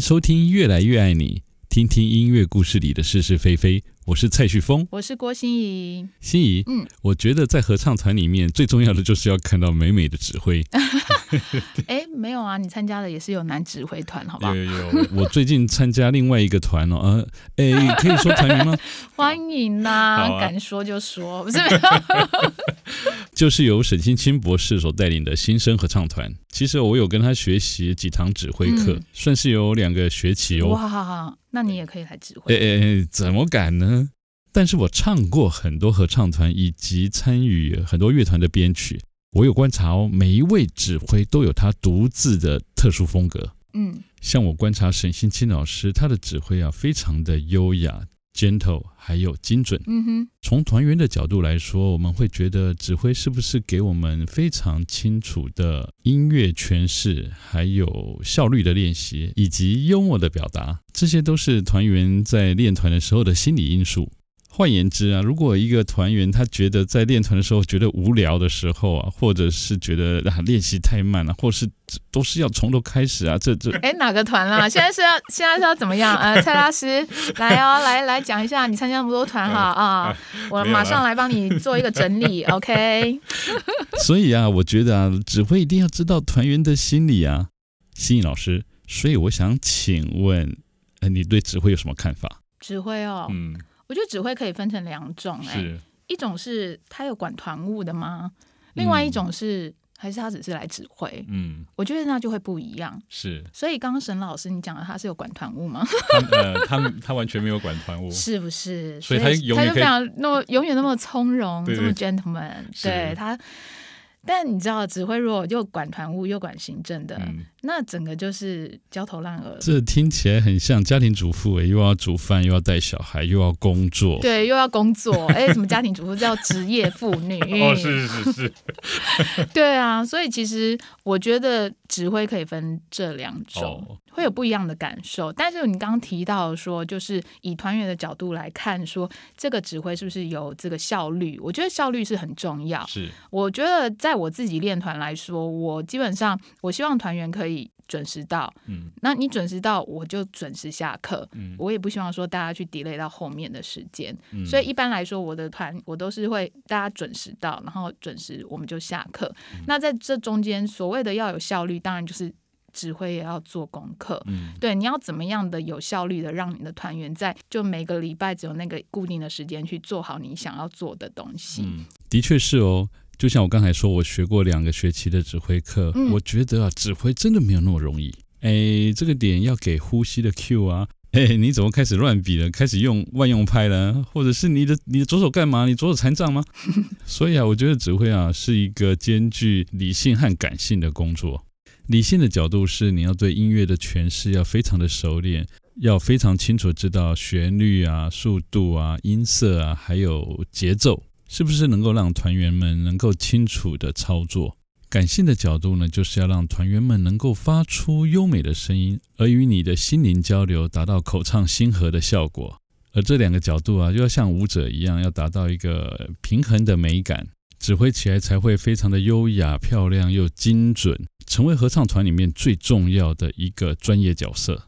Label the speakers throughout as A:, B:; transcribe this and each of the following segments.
A: 收聽越來越愛你，聽聽音樂故事裡的是是非非。我是蔡旭峰，
B: 我是郭心怡，
A: 心怡宜。嗯，我覺得在合唱團裡面最重要的就是要看到美美的指揮。
B: 哎、 欸，沒有啊，你參加的也是有男指揮團，好吧？ 有有
A: 有。我最近參加另外一個團哦，呃，哎、欸，可以說團名嗎？
B: 歡迎吶、啊，啊、敢說就說，不是沒有
A: 就是由沈星清博士所帶領的新生合唱團。其實我有跟他學習幾堂指揮課，嗯、算是有兩個學期哦。好好
B: 好，那你也可以來指揮。哎
A: 哎哎，怎麼敢呢？但是我唱過很多合唱團，以及參與很多樂團的編曲。我有觀察哦，每一位指揮都有他獨自的特殊風格。嗯，像我觀察沈星清老師，他的指揮啊，非常的優雅。Gentle，還有精準。嗯哼，從團員的角度來說，我們會覺得指揮是不是給我們非常清楚的音樂詮釋，還有效率的練習，以及幽默的表達，這些都是團員在練團的時候的心理因素。換言之啊，如果一個團員他覺得在練團的時候覺得無聊的時候啊，或者是覺得啊練習太慢了，或者是都是要從頭開始啊，這這哎、
B: 欸、哪個團啊？現在是要 現在是要怎麼樣啊、呃？蔡大師來哦，來來講一下你參加那麼多團哈啊，我馬上來幫你做一個整理 ，OK？
A: 所以啊，我覺得啊，指揮一定要知道團員的心理啊，心怡老師。所以我想請問，呃，你對指揮有什麼看法？
B: 指揮哦，嗯。我覺得指揮可以分成兩種，哎、欸，是一種是他有管團務的嗎？
A: 嗯、另外一種
B: 是還是他只是來指揮？嗯，我覺得那就會不一樣。是，所以剛剛沈老師你講的他是有管團務嗎？
A: 他、呃、他，他完全沒有管團務，是不
B: 是？所以他永遠可以……他就非常那麼永遠那麼從容，對對對，這麼 gentleman，對是他。但你知道，指揮如果又管團務又管行政的，嗯、那整個就是焦頭爛額。這
A: 聽起來很像家庭主婦誒，又要煮飯又要帶小孩又要工作。對，
B: 又要工作哎， 什麼家庭主婦叫職業婦女？哦，是是是是。 對啊，所以其實我覺得指揮可以分這兩種。哦會有不一樣的感受，但是你剛剛提到說，就是以團員的角度來看說，說這個指揮是不是有這個效率？我覺得效率是很重要。是，我覺得在我自己練團來說，我基本上我希望團員可以準時到。嗯，那你準時到，我就準時下課。嗯，我也不希望說大家去 delay 到後面的時間。嗯，所以一般來說，我的團我都是會大家準時到，然後準時我們就下課。嗯，那在這中間，所謂的要有效率，當然就是。指揮也要做功課，嗯，對，你要怎麼樣的有效率的讓你的團員在就每個禮拜只有那個固定的時間去做好你想要做的東西。嗯，
A: 的確是哦，就像我剛才說，我學過兩個學期的指揮課，嗯，我覺得啊，指揮真的沒有那麼容易。誒，這個點要給呼吸的 Q 啊！哎，你怎麼開始亂比了？開始用萬用拍了？或者是你的你的左手幹嘛？你左手殘障嗎？ 所以啊，我覺得指揮啊是一個兼具理性和感性的工作。理性的角度是，你要對音樂的詮釋要非常的熟練，要非常清楚知道旋律啊、速度啊、音色啊，還有節奏，是不是能夠讓團員們能夠清楚的操作？感性的角度呢，就是要讓團員們能夠發出優美的聲音，而與你的心靈交流，達到口唱心和的效果。而這兩個角度啊，就要像舞者一樣，要達到一個平衡的美感，指揮起來才會非常的優雅、漂亮又精準。成為合唱團裡面最重要的一個專業角色。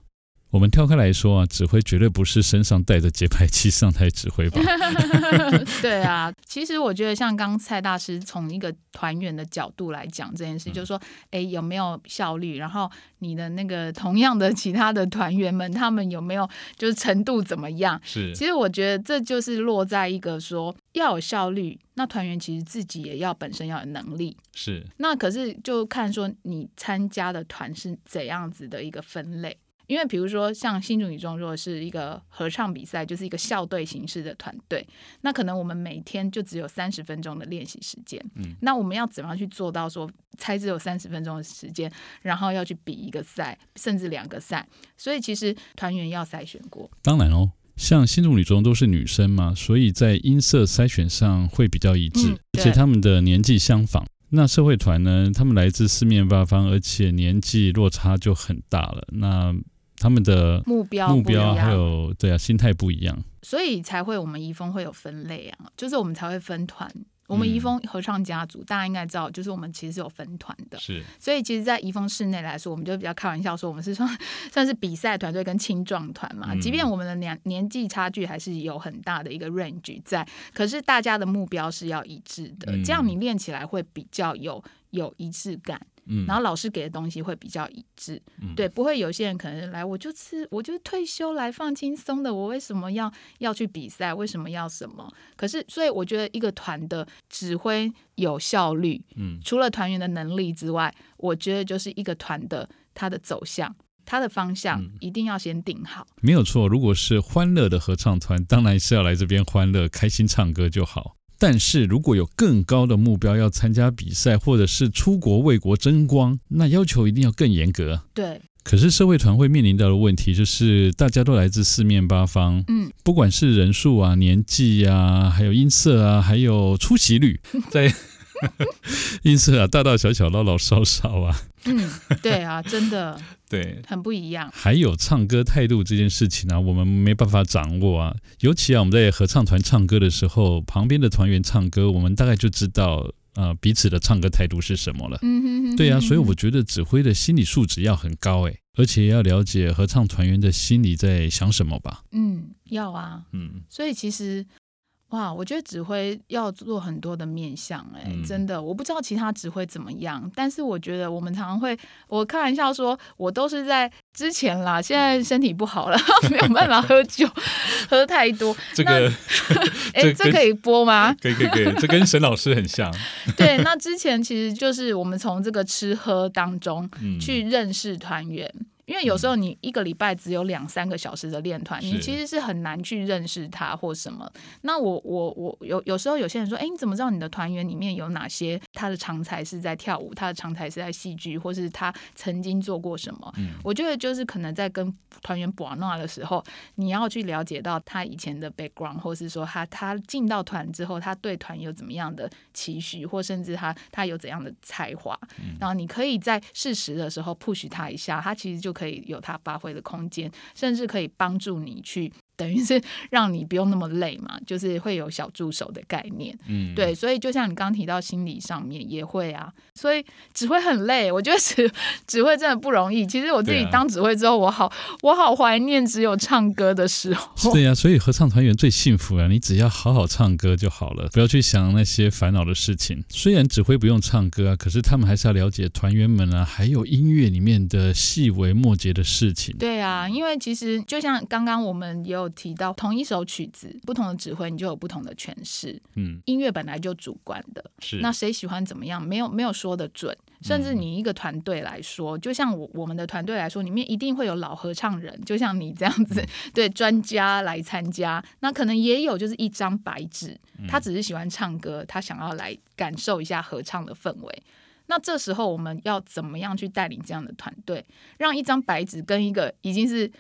A: 我們跳開來說啊，指揮絕對不是身上帶着節拍器上台指揮吧？ 對啊，
B: 其實我覺得像剛蔡大師從一個團員的角度來講這件事，就是說，哎，有沒有效率？然後你的那個同樣的其他的團員們，他們有沒有就是程度怎麼樣？是，其實我覺得這就是落在一個說要有效率，那團員其實自己也要本身要有能力。是，那可是就看說你參加的團是怎樣子的一個分類。因為比如說，像新竹女中如果是一個合唱比賽，就是一個校隊形式的團隊，那可能我們每天就只有三十分鐘的練習時間。嗯，那我們要怎麼樣去做到說，才只有三十分鐘的時間，然後要去比一個賽，甚至兩個賽？所以其實團員要篩選過。
A: 當然哦，像新竹女中都是女生嘛，所以在音色篩選上會比較一致，嗯、而且他們的年紀相仿。那社會團呢，他們來自四面八方，而且年紀落差就很大了。那他們的目標目標還有，對啊，心態不一樣，
B: 所以才會我們怡豐會有分類啊，就是我們才會分團。我們怡豐合唱家族，嗯，大家應該知道，就是我們其實是有分團的。是，所以其實，在怡豐室內來說，我們就比較開玩笑說，我們是算算是比賽團隊跟青壯團嘛。即便我們的年年紀差距還是有很大的一個 range 在，可是大家的目標是要一致的，這樣你練起來會比較有有一致感。然後老師給的東西會比較一致，嗯、對，不會有些人可能來我就吃，我就退休來放輕鬆的，我為什麼要要去比賽？為什麼要什麼？可是所以我覺得一個團的指揮有效率，嗯，除了團員的能力之外，我覺得就是一個團的他的走向、他的方向一定要先定好。
A: 嗯，沒有錯。如果是歡樂的合唱團，當然是要來這邊歡樂、開心唱歌就好。但是如果有更高的目標，要參加比賽，或者是出國為國爭光，那要求一定要更嚴格。對，可是社會團會面臨到的問題就是，大家都來自四面八方，嗯，不管是人數啊、年紀啊，還有音色啊，還有出席率，在。 因此 啊，大大小小、老老少少啊，嗯，
B: 對啊，真的， 對，很不一樣。
A: 還有唱歌態度這件事情啊，我們沒辦法掌握啊。尤其啊，我們在合唱團唱歌的時候，旁邊的團員唱歌，我們大概就知道啊、呃、彼此的唱歌態度是什麼了。嗯哼，哼，哼，對啊，所以我覺得指揮的心理素質要很高哎、欸，而且要了解合唱團員的心理在想什麼吧。嗯，
B: 要啊，嗯，所以其實。哇，我覺得指揮要做很多的面向、欸，哎、嗯，真的，我不知道其他指揮怎麼樣，但是我覺得我們常常會，我開玩笑說，我都是在之前啦，現在身體不好了，嗯、沒有辦法喝酒， 喝太多。這個，哎，這可以播嗎？可以可以可以，這跟
A: 沈老師很像。
B: 對，那之前其實就是我們從這個吃喝當中去認識團員。嗯因為有時候你一個禮拜只有兩三個小時的練團，你其實是很難去認識他或什麼。的那我我我有有時候有些人說，哎，你怎麼知道你的團員裡面有哪些他的長才是在跳舞，他的長才是在戲劇，或是他曾經做過什麼？嗯、我覺得就是可能在跟團員補納的時候，你要去了解到他以前的 background，或是說他他進到團之後，他對團有怎麼樣的期許，或甚至他他有怎樣的才華。嗯、然後你可以在適時的時候 push 他一下，他其實就。可以有它發揮的空間，甚至可以幫助你去。等於是讓你不用那麼累嘛，就是會有小助手的概念，嗯，對，所以就像你剛提到心理上面也會啊，所以指揮很累，我覺得指指揮真的不容易。其實我自己當指揮之後，對啊、我好我好懷念只有唱歌的時候，對呀、啊，
A: 所以合唱團員最幸福啊，你只要好好唱歌就好了，不要去想那些煩惱的事情。雖然指揮不用唱歌啊，可是他們還是要了解團員們啊，還有音樂裡面的細微末節的事情。
B: 對啊，因為其實就像剛剛我們有。提到同一首曲子，不同的指揮，你就有不同的詮釋。嗯，音樂本來就主觀的，是那誰喜歡怎麼樣，沒有沒有說得準。甚至你一個團隊來說，嗯、就像我我們的團隊來說，裡面一定會有老合唱人，就像你這樣子，嗯、對專家來參加，那可能也有就是一張白紙，他只是喜歡唱歌，他想要來感受一下合唱的氛圍。那這時候我們要怎麼樣去帶領這樣的團隊，讓一張白紙跟一個已經是。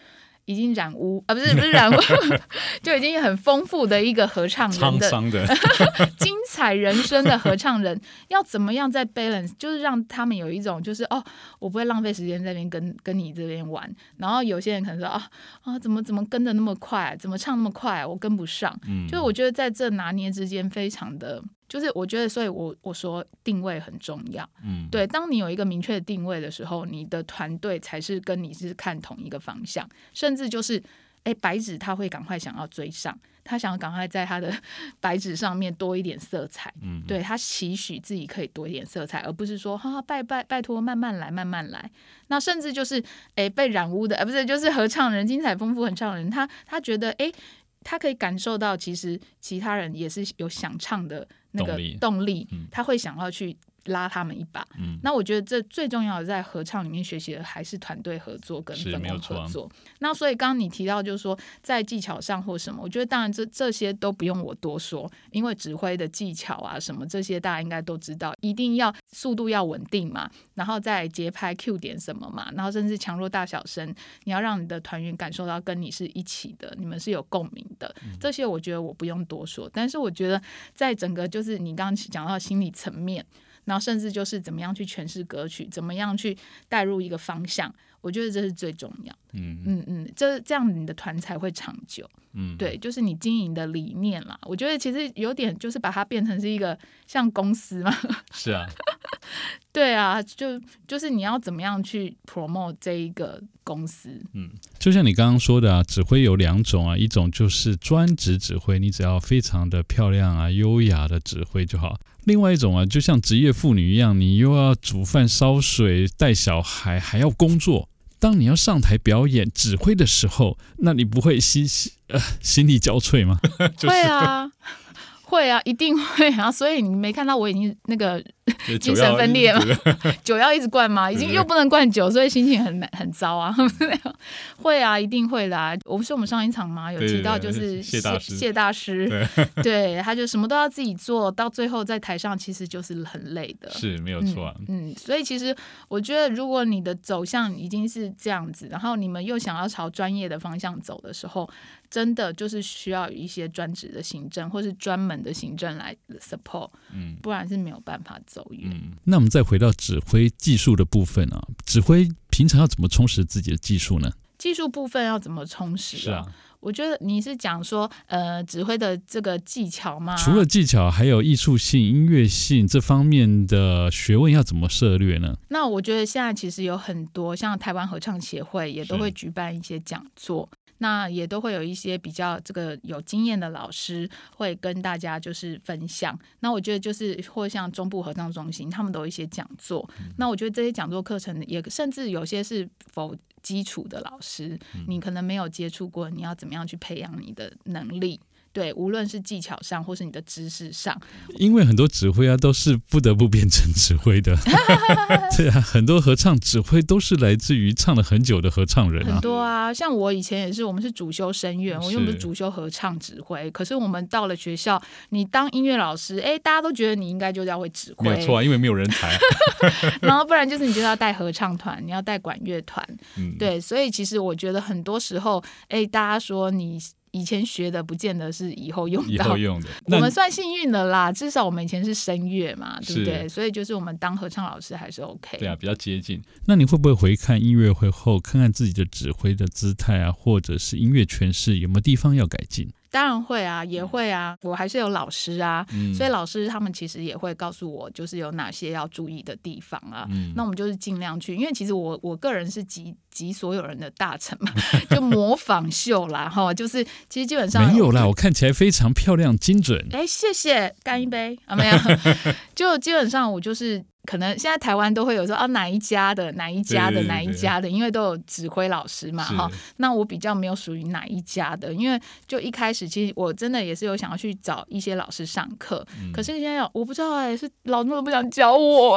B: 已經染污啊，不是不是染污， 就已經很豐富的一個合唱人的 精彩人生的合唱人，要怎麼樣在 balance， 就是讓他們有一種就是哦，我不會浪費時間在那邊跟跟你這邊玩，然後有些人可能說啊啊，怎麼怎麼跟得那麼快，啊，怎麼唱那麼快，啊，我跟不上，嗯，就是我覺得在這拿捏之間非常的。就是我覺得，所以我我說定位很重要。嗯，對，當你有一個明確的定位的時候，你的團隊才是跟你是看同一個方向，甚至就是，哎，白紙他會趕快想要追上，他想要趕快在他的白紙上面多一點色彩。嗯，對他期許自己可以多一點色彩，而不是說哈哈，拜拜拜託慢慢來慢慢來。那甚至就是，哎，被染污的，哎、呃，不是，就是合唱人，精彩豐富很唱的，合唱人他他覺得，哎，他可以感受到，其實其他人也是有想唱的。
A: 那個動
B: 力，嗯、他會想要去。拉他們一把。嗯，那我覺得這最重要的在合唱裡面學習的還是團隊合作跟分工合作。那所以剛剛你提到就是說在技巧上或什麼，我覺得當然這這些都不用我多說，因為指揮的技巧啊什麼這些大家應該都知道，一定要速度要穩定嘛，然後再節拍、Q 點什麼嘛，然後甚至強弱大小聲，你要讓你的團員感受到跟你是一起的，你們是有共鳴的。嗯、這些我覺得我不用多說，但是我覺得在整個就是你剛剛講到心理層面。然後甚至就是怎麼樣去詮釋歌曲，怎麼樣去帶入一個方向，我覺得這是最重要的。嗯嗯嗯，這、嗯嗯、這樣你的團才會長久。嗯，對，就是你經營的理念啦，我覺得其實有點就是把它變成是一個像公司嘛。
A: 是啊。
B: 對啊，就就是你要怎麼樣去 promote 這一個公司？嗯，
A: 就像你剛剛說的啊，指揮有兩種啊，一種就是專職指揮，你只要非常的漂亮啊、優雅的指揮就好；另外一種啊，就像職業婦女一樣，你又要煮飯、燒水、帶小孩，還要工作。當你要上台表演指揮的時候，那你不會、呃、心心呃心力交瘁嗎？對啊。
B: 會啊，一定會啊，所以你沒看到我已經那個
A: 精神分裂嗎？酒要，
B: 酒要一直灌嗎？已經又不能灌酒，所以心情很難很糟啊。 會啊，一定會啦、啊。我不是我們上一場嗎？有提到就是謝對對對謝大師，謝大師。對，他就什麼都要自己做，到最後在台上其實就是很累的，是沒有錯、啊嗯。嗯，所以其實我覺得，如果你的走向已經是這樣子，然後你們又想要朝專業的方向走的時候。真的就是需要一些專職的行政或是專門的行政來 support，嗯，不然是沒有辦法走遠。嗯，
A: 那我們再回到指揮技術的部分啊，指揮平常要怎麼充實自己的技術呢？
B: 技術部分要怎麼充實啊？是啊，我覺得你是講說，呃，指揮的這個技巧嘛？除
A: 了技巧，還有藝術性、音樂性這方面的學問要怎麼涉獵呢？
B: 那我覺得現在其實有很多像台灣合唱協會也都會舉辦一些講座。那也都會有一些比較這個有經驗的老師會跟大家就是分享。那我覺得就是或像中部合唱中心，他們都有一些講座。那我覺得這些講座課程也甚至有些是否基礎的老師，你可能沒有接觸過，你要怎麼樣去培養你的能力？對，無論是技巧上，或是你的知識上，
A: 因為很多指揮啊，都是不得不變成指揮的。 對啊，很多合唱指揮都是來自於唱了很久的合唱人、啊。很多
B: 啊，像我以前也是，我們是主修聲樂，我用的主修合唱指揮。是可是我們到了學校，你當音樂老師，哎，大家都覺得你應該就是要會指揮，沒錯啊，因
A: 為沒有人才。
B: 然後不然就是你就是要帶合唱團，你要帶管樂團。嗯，對，所以其實我覺得很多時候，哎，大家說你。以前學的不見得是以後用到的，以後用的。我們算幸運的啦，那至少我們以前是聲樂嘛，對不對？是所以就是我們當合唱老師還是 OK。對
A: 啊，比較接近。那你會不會回看音樂會後，看看自己的指揮的姿態啊，或者是音樂詮釋有沒有地方要改進？
B: 當然會啊，也會啊，我還是有老師啊，嗯、所以老師他們其實也會告訴我，就是有哪些要注意的地方啊。嗯、那我們就是盡量去，因為其實我我個人是集集所有人的大成嘛，就模仿秀啦哈、 哦，就是其實基本上有沒
A: 有啦，我看起來非常漂亮精準。
B: 哎，謝謝，乾一杯，啊沒有 就基本上我就是。可能現在台灣都會有說啊，哪一家的、哪一家的，對對對哪一家的，對對對，因為都有指揮老師嘛，哈是。那我比較沒有屬於哪一家的，因為就一開始其實我真的也是有想要去找一些老師上課，嗯、可是現在我不知道哎，欸，是老師不想教我，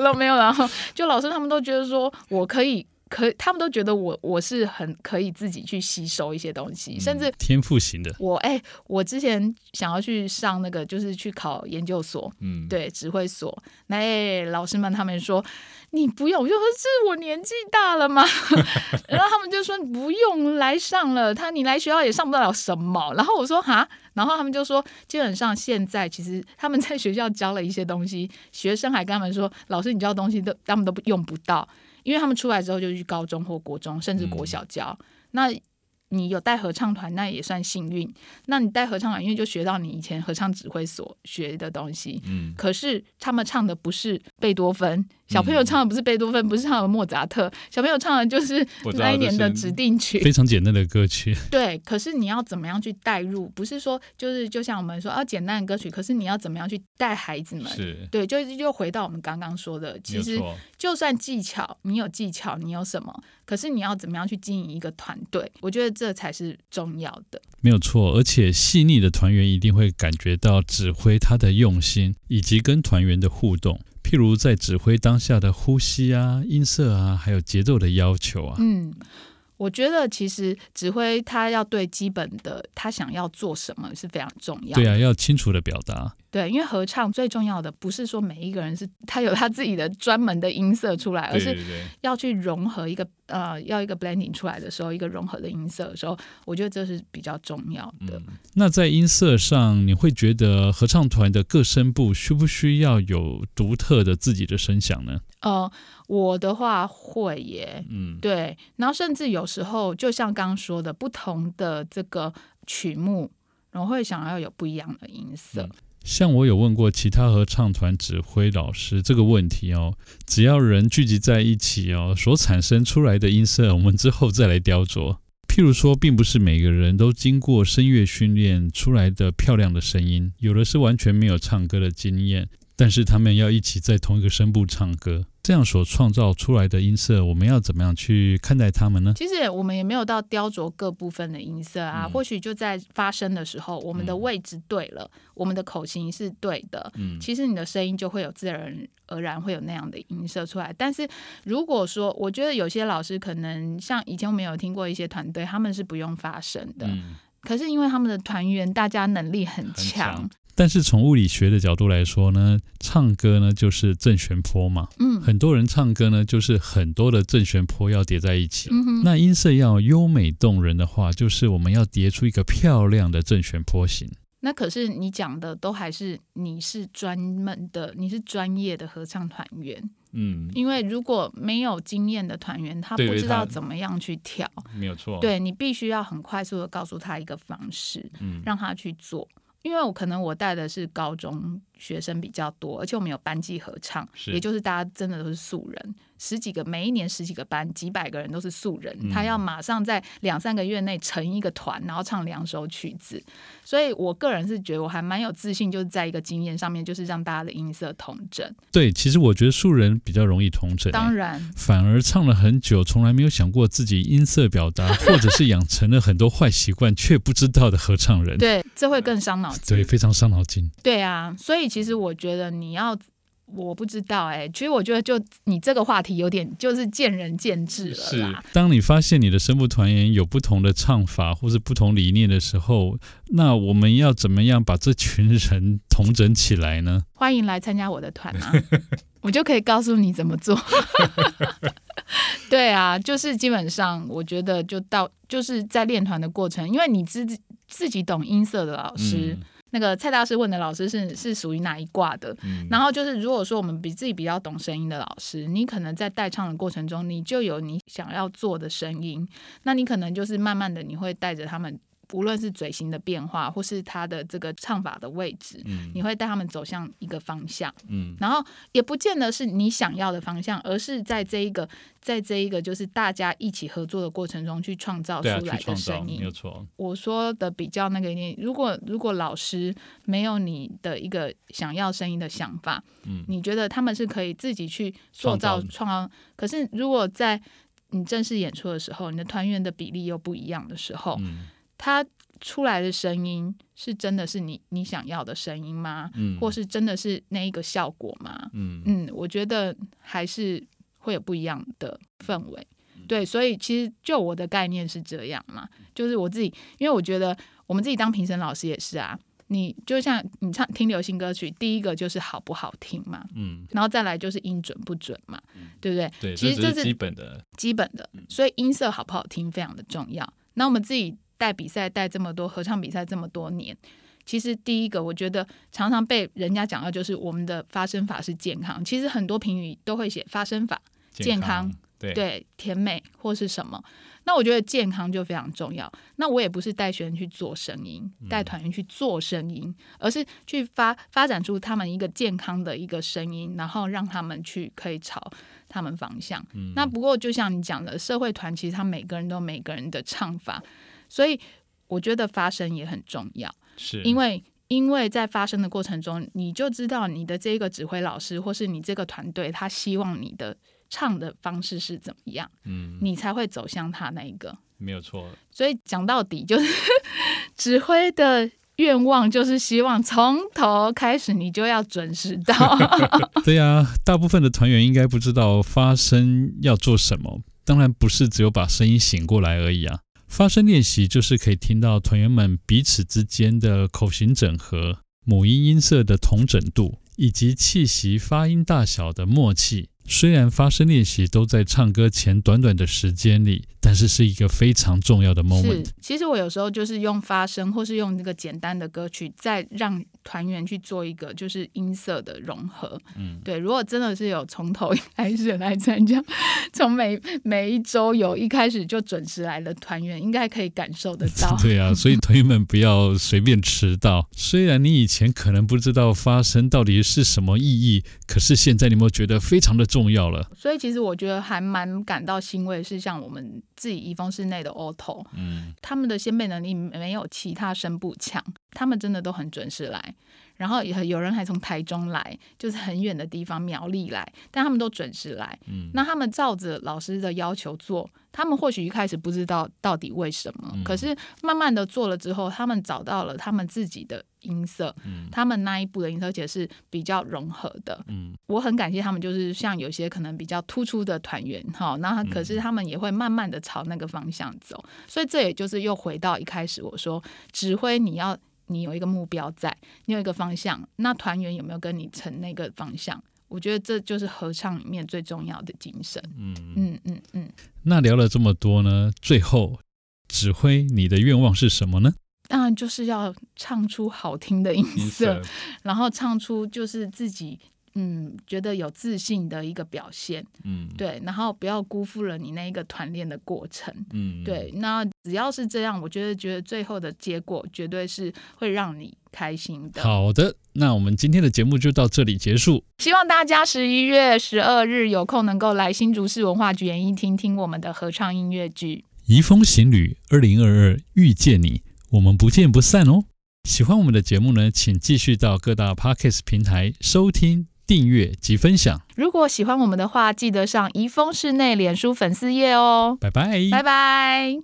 B: 老、 呃、然後沒有，然後就老師他們都覺得說我可以。可他們都覺得我我是很可以自己去吸收一些東西，嗯、甚至
A: 天賦型的
B: 我哎、欸，我之前想要去上那個就是去考研究所，嗯，對，指揮所那、欸、老師們他們說你不用，我就說是我年紀大了嘛， 然後他們就說你不用來上了，他你來學校也上不了什麼。然後我說哈，然後他們就說基本上現在其實他們在學校教了一些東西，學生還跟他們說老師你教的東西都他們都用不到。因為他們出來之後就去高中或國中，甚至國小教。嗯。那你有帶合唱團，那也算幸運。那你帶合唱團，因為就學到你以前合唱指揮所學的東西。嗯，可是他們唱的不是貝多芬，小朋友唱的不是貝多芬，嗯，不是唱的莫扎特，小朋友唱的就是那一年的指定曲，非常
A: 簡單的歌曲。
B: 對。可是你要怎麼樣去帶入？不是說就是就像我們說啊，簡單的歌曲。可是你要怎麼樣去帶孩子們？是對，就又回到我們剛剛說的，其實就算技巧，你有技巧，你有什麼？可是你要怎麼樣去經營一個團隊？我覺得。這才是重要的，
A: 沒有錯。而且細膩的團員一定會感覺到指揮他的用心，以及跟團員的互動。譬如在指揮當下的呼吸啊、音色啊，還有節奏的要求啊。嗯，
B: 我覺得其實指揮他要對基本的他想要做什麼是非常重要的。對啊，
A: 要清楚的表達。
B: 對，因為合唱最重要的不是說每一個人是他有他自己的專門的音色出來，而是要去融合一個呃，要一個 blending 出來的時候，一個融合的音色的時候，我覺得這是比較重要的。嗯，
A: 那在音色上，你會覺得合唱團的各聲部需不需要有獨特的自己的聲響呢？
B: 呃，我的話會耶，嗯，對。然後甚至有時候，就像剛剛說的，不同的這個曲目，我會想要有不一樣的音色。嗯
A: 像我有問過其他合唱團指揮老師這個問題哦，只要人聚集在一起哦，所產生出來的音色，我們之後再來雕琢。譬如說，並不是每個人都經過聲樂訓練出來的漂亮的聲音，有的是完全沒有唱歌的經驗，但是他們要一起在同一個聲部唱歌。這樣所創造出來的音色，我們要怎麼樣去看待他們呢？其
B: 實我們也沒有到雕琢各部分的音色啊，嗯、或許就在發聲的時候，我們的位置對了，嗯、我們的口型是對的，嗯，其實你的聲音就會有自然而然會有那樣的音色出來。但是如果說，我覺得有些老師可能像以前我們有聽過一些團隊，他們是不用發聲的，嗯、可是因為他們的團員大家能力很強。很強。
A: 但是從物理學的角度來說呢，唱歌呢就是正弦波嘛。嗯，很多人唱歌呢就是很多的正弦波要疊在一起。嗯哼。那音色要優美動人的話，就是我們要疊出一個漂亮的正弦波形。
B: 那可是你講的都還是你是專門的，你是專業的合唱團員。嗯。因為如果沒有經驗的團員，他不知道怎麼樣去調。對，沒
A: 有錯。對，你
B: 必須要很快速地告訴他一個方式，嗯，讓他去做。因為我可能我帶的是高中。學生比較多，而且我們有班級合唱，是也就是大家真的都是素人，十幾個每一年十幾個班，幾百個人都是素人。嗯、他要馬上在兩三個月內成一個團，然後唱兩首曲子。所以我個人是覺得我還蠻有自信，就是在一個經驗上面，就是讓大家的音色統整。
A: 對，其實我覺得素人比較容易統整，當然，反而唱了很久，從來沒有想過自己音色表達， 或者是養成了很多壞習慣卻不知道的合唱人。
B: 對，這會更傷腦
A: 筋，對，非常傷腦筋。
B: 對啊，所以。其實我覺得你要，我不知道哎、欸。其實我覺得，就你這個話題有點就是見仁見智了。是，
A: 當你發現你的聲部團員有不同的唱法或是不同理念的時候，那我們要怎麼樣把這群人統整起來呢？
B: 歡迎來參加我的團啊， 我就可以告訴你怎麼做。 對啊，就是基本上，我覺得就到就是在練團的過程，因為你自自己懂音色的老師。嗯那個蔡大師問的老師是是屬於哪一掛的？嗯、然後就是如果說我們比自己比較懂聲音的老師，你可能在帶唱的過程中，你就有你想要做的聲音，那你可能就是慢慢的你會帶着他們。無論是嘴型的變化，或是他的這個唱法的位置，嗯，你會帶他們走向一個方向，嗯，然後也不見得是你想要的方向，而是在這一個，在這一個就是大家一起合作的過程中去創造出來的聲音，
A: 沒有錯。
B: 我說的比較那個一點，如果如果老師沒有你的一個想要聲音的想法，嗯，你覺得他們是可以自己去塑造創造，創，可是如果在你正式演出的時候，你的團員的比例又不一樣的時候，嗯。它出來的聲音是真的是你你想要的聲音嗎？嗯、或是真的是那一個效果嗎？嗯，嗯我覺得還是會有不一樣的氛圍。嗯、對，所以其實就我的概念是這樣嘛，就是我自己，因為我覺得我們自己當評審老師也是啊。你就像你唱聽流行歌曲，第一個就是好不好聽嘛，嗯、然後再來就是音準不準嘛，嗯、對不對？對，其實這是基本的，嗯、基本的。所以音色好不好聽非常的重要。那我們自己。帶比賽，帶這麼多合唱比賽這麼多年，其實第一個我覺得常常被人家講到就是我們的發聲法是健康。其實很多評語都會寫發聲法健康、健康，對，對甜美或是什麼。那我覺得健康就非常重要。那我也不是帶學生去做聲音，帶團、嗯、員去做聲音，而是去發發展出他們一個健康的一個聲音，然後讓他們去可以朝他們方向。嗯、那不過就像你講的，社會團其實他每個人都每個人的唱法。所以我覺得發聲也很重要，是因為因為在發聲的過程中，你就知道你的這個指揮老師或是你這個團隊，他希望你的唱的方式是怎麼樣，嗯，你才會走向他那一個，
A: 沒有錯。
B: 所以講到底，就是指揮的願望就是希望從頭開始，你就要準時到。
A: 對啊，大部分的團員應該不知道發聲要做什麼，當然不是只有把聲音醒過來而已啊。發聲練習就是可以聽到團員們彼此之間的口型整合、母音音色的同整度，以及氣息發音大小的默契。雖然發聲練習都在唱歌前短短的時間裡，但是是一個非常重要的 moment。
B: 其實我有時候就是用發聲，或是用那個簡單的歌曲，再讓團員去做一個就是音色的融合。嗯，對。如果真的是有從頭一開始來參加，從每每一周有一開始就準時來的團員，應該可以感受得到。 對啊，
A: 所以團員們不要隨便遲到。 雖然你以前可能不知道發聲到底是什麼意義，可是現在你有沒有覺得非常的重要？重要了，
B: 所以其實我覺得還蠻感到欣慰，是像我們自己宜豐室內的 Oto，嗯，他們的先輩能力沒有其他聲部強，他們真的都很準時來，然後也有人還從台中來，就是很遠的地方苗栗來，但他們都準時來，嗯、那他們照着老師的要求做，他們或許一開始不知道到底為什麼，嗯、可是慢慢的做了之後，他們找到了他們自己的。音色，嗯，他們那一部的音色，而且是比較融合的，嗯，我很感謝他們，就是像有些可能比較突出的團員，哈，那可是他們也會慢慢的朝那個方向走，嗯、所以這也就是又回到一開始我說，指揮你要你有一個目標在，你有一個方向，那團員有沒有跟你成那個方向？我覺得這就是合唱裡面最重要的精神，嗯嗯
A: 嗯嗯。嗯嗯，那聊了這麼多呢，最後指揮你的願望是什麼呢？
B: 當然就是要唱出好聽的音色、音色然後唱出就是自己嗯覺得有自信的一個表現，嗯對，然後不要辜負了你那一個團練的過程，嗯對，那只要是這樣，我覺得覺得最後的結果絕對是會讓你開心的。好
A: 的，那我們今天的節目就到這裡結束。
B: 希望大家十一月十二日有空能夠來新竹市文化局演藝廳聽、聽、聽我們的合唱音樂劇
A: 《移風行旅二零二二遇見你》。我們不見不散哦！喜歡我們的節目呢，請繼續到各大 Podcast 平台收聽、訂閱及分享。
B: 如果喜歡我們的話，記得上宜豐室內臉書粉絲頁哦！
A: 拜拜 bye，拜
B: 拜。